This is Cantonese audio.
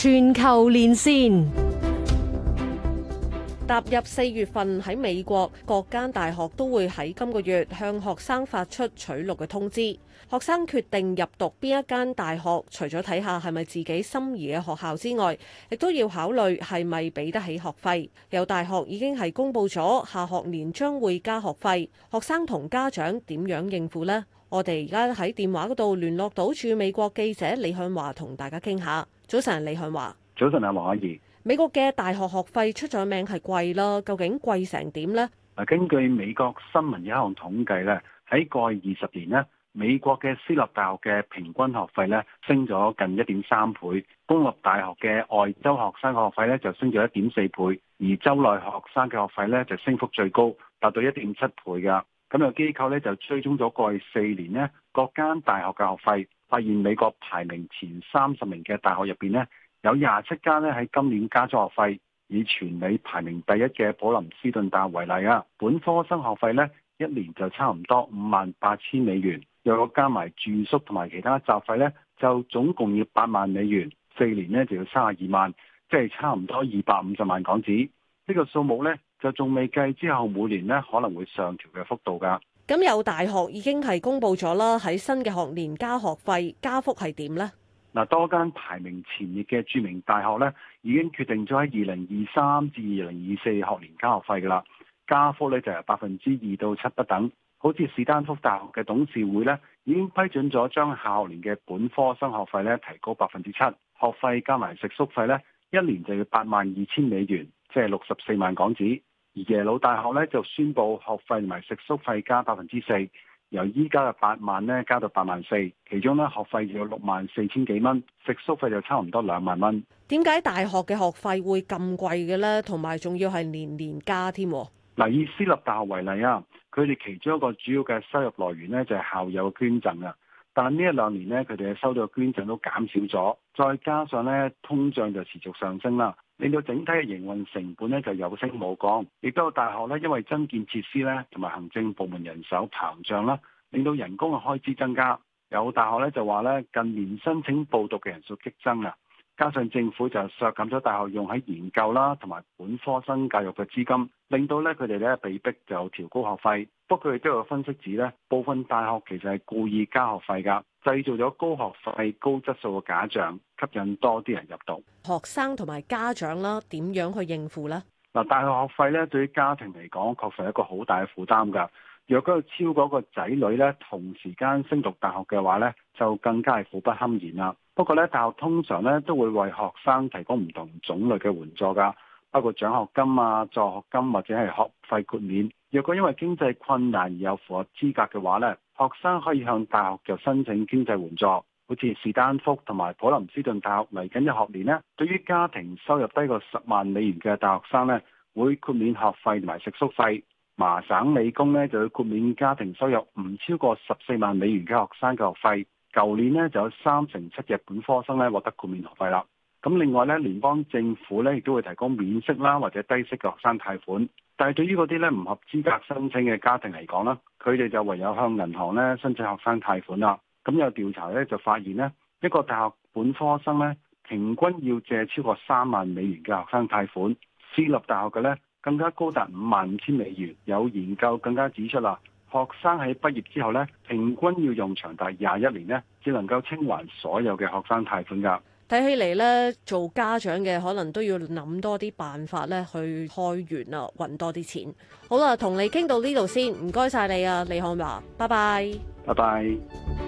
全球連線踏入四月份，喺美國各間大學都會喺今個月向學生發出取錄嘅通知。學生決定入讀邊一間大學，除咗睇下係咪自己心儀嘅學校之外，亦都要考慮係咪俾得起學費。有大學已經係公布咗下學年將會加學費，學生同家長點樣應付呢？我哋而家喺電話嗰度聯絡到駐美國記者李漢華，同大家傾下。早晨，李漢華。早晨阿黃凱宜。美國嘅大學學費出咗名係貴啦，究竟貴成點呢？嗱，根據美國新聞有一項統計咧，喺過去二十年呢美國嘅私立大學嘅平均學費咧升咗近一點三倍，公立大學嘅外州學生學費咧就升咗一點四倍，而州內學生嘅學費咧就升幅最高，達到一點七倍噶。咁有機構呢就追蹤咗過去四年呢各間大學嘅學費，發現美國排名前三十名嘅大學入邊呢，有廿七間呢喺今年加咗學費。以全美排名第一嘅普林斯頓大學為例啊，本科生學費呢一年就差唔多五萬八千美元，若果加埋住宿同埋其他雜費呢，就總共要八萬美元，四年呢，就要三十二萬，即係差唔多二百五十萬港紙。呢個數目呢，就仲未計之後每年呢可能會上調嘅幅度噶。咁有大學已經係公布咗啦，喺新嘅學年加學費，加幅係點呢？嗱，多間排名前列嘅著名大學呢，已經決定咗喺二零二三至二零二四學年加學費噶啦，加幅呢就係百分之二到七不等。好似史丹福大學嘅董事會呢，已經批准咗將下學年嘅本科生學費呢提高百分之七，學費加埋食宿費呢，一年就要八萬二千美元，即係六十四萬港紙。而耶魯大學咧就宣布學費同埋食宿費加百分之四，由依家嘅八萬咧加到八萬四，其中咧學費有六萬四千幾蚊，食宿費就差唔多兩萬蚊。點解大學嘅學費會咁貴嘅咧？同埋仲要係年年加添。嗱，以私立大學為例啊，佢哋其中一個主要嘅收入來源咧就係校友嘅捐贈啊。但呢一兩年呢，佢哋收到嘅捐贈都減少咗，再加上呢通脹就持續上升啦，令到整體嘅營運成本呢就有升冇降。亦都有大學呢，因為增建設施呢同埋行政部門人手膨脹啦，令到人工嘅開支增加。有大學呢，就話呢近年申請報讀嘅人數激增啊。加上政府就削減咗大學用喺研究啦，同埋本科生教育嘅資金，令到咧佢哋咧被逼就調高學費。不過佢哋都有分析指咧，部分大學其實係故意加學費噶，製造咗高學費高質素嘅假象，吸引多啲人入讀。學生同埋家長啦，點樣去應付呢？嗱，大學學費咧對於家庭嚟講，確實係一個好大嘅負擔㗎。若果個超嗰個仔女咧，同時間升讀大學嘅話咧，就更加係苦不堪言啦。不過咧，大學通常咧都會為學生提供唔同種類嘅援助噶，包括獎學金啊、助學金或者係學費豁免。若果因為經濟困難而有符合資格嘅話咧，學生可以向大學就申請經濟援助。好似士丹福同埋普林斯頓大學嚟緊嘅學年呢，對於家庭收入低過十萬美元嘅大學生咧，會豁免學費同埋食宿費。麻省理工咧就要豁免家庭收入唔超過十四萬美元嘅學生嘅學費。舊年呢，就有三成七嘅本科生咧獲得豁免學費啦。咁另外咧，聯邦政府咧亦都會提供免息啦或者低息嘅學生貸款。但係對於嗰啲咧唔合資格申請嘅家庭嚟講啦，佢哋就唯有向銀行咧申請學生貸款啦。咁有調查咧就發現呢一個大學本科生咧平均要借超過三萬美元嘅學生貸款，私立大學嘅咧。更加高達五萬五千美元。有研究更加指出啦，學生喺畢業之後咧，平均要用長達廿一年咧，只能夠清還所有嘅學生貸款㗎。睇起嚟咧，做家長嘅可能都要諗多啲辦法咧，去開源啊，揾多啲錢。好啦，同你傾到呢度先，唔該晒你啊，李漢華，拜拜，拜拜。